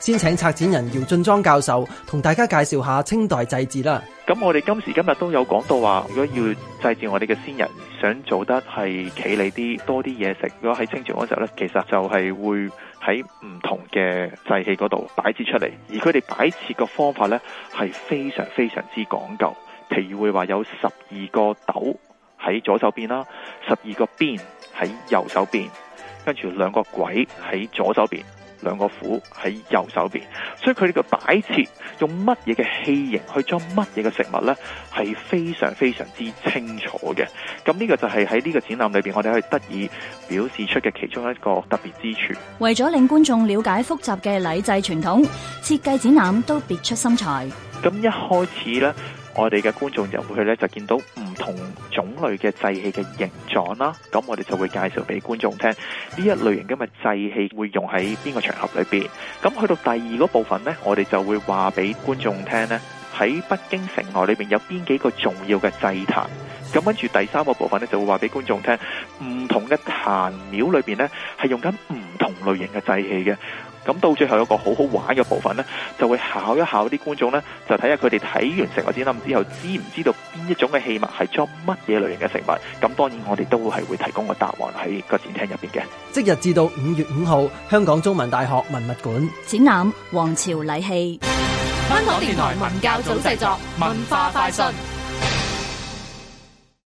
先請策展人姚進莊教授同大家介紹下清代祭祀啦。咁我哋今時今日都有講到話，如果要祭祀我哋嘅先人，想做得係企理啲、多啲嘢食。如果喺清朝嗰時候咧，其實就係會喺唔同嘅祭器嗰度擺設出嚟。而佢哋擺設嘅方法咧，係非常非常之講究。譬如會話有十二個豆喺左手邊啦，十二個邊喺右手邊，跟住兩個鬼喺左手邊。兩個斧喺右手邊，所以佢呢個擺設用乜嘢嘅器型去裝乜嘢嘅食物呢？係非常非常之清楚嘅。咁呢個就係喺呢個展覽裏邊，我哋可以得以表示出嘅其中一個特別之處。為咗令觀眾了解複雜嘅禮制傳統，設計展覽都別出心裁。咁一開始呢。我哋嘅觀眾入去咧，就見到唔同種類嘅祭器嘅形狀啦。咁我哋就會介紹俾觀眾聽，呢一類型嘅祭器會用喺邊個場合裏邊。咁去到第二個部分呢，我哋就會話俾觀眾聽呢，喺北京城內裏邊有邊幾個重要嘅祭壇。咁跟住第三個部分呢，就會話俾觀眾聽，唔同嘅壇廟裏邊呢，係用緊唔同類型嘅祭器嘅，咁到最後有一個好好玩嘅部分呢，就會考一考啲觀眾呢，就睇下佢哋睇完成個展覽之後，知唔知道邊一種嘅器物係做乜嘢類型嘅食物？咁當然我哋都係會提供個答案喺個展廳入邊嘅。即日至到五月五號，香港中文大學文物館展覽《王朝禮器》。香港電台文教組製作，文化快訊。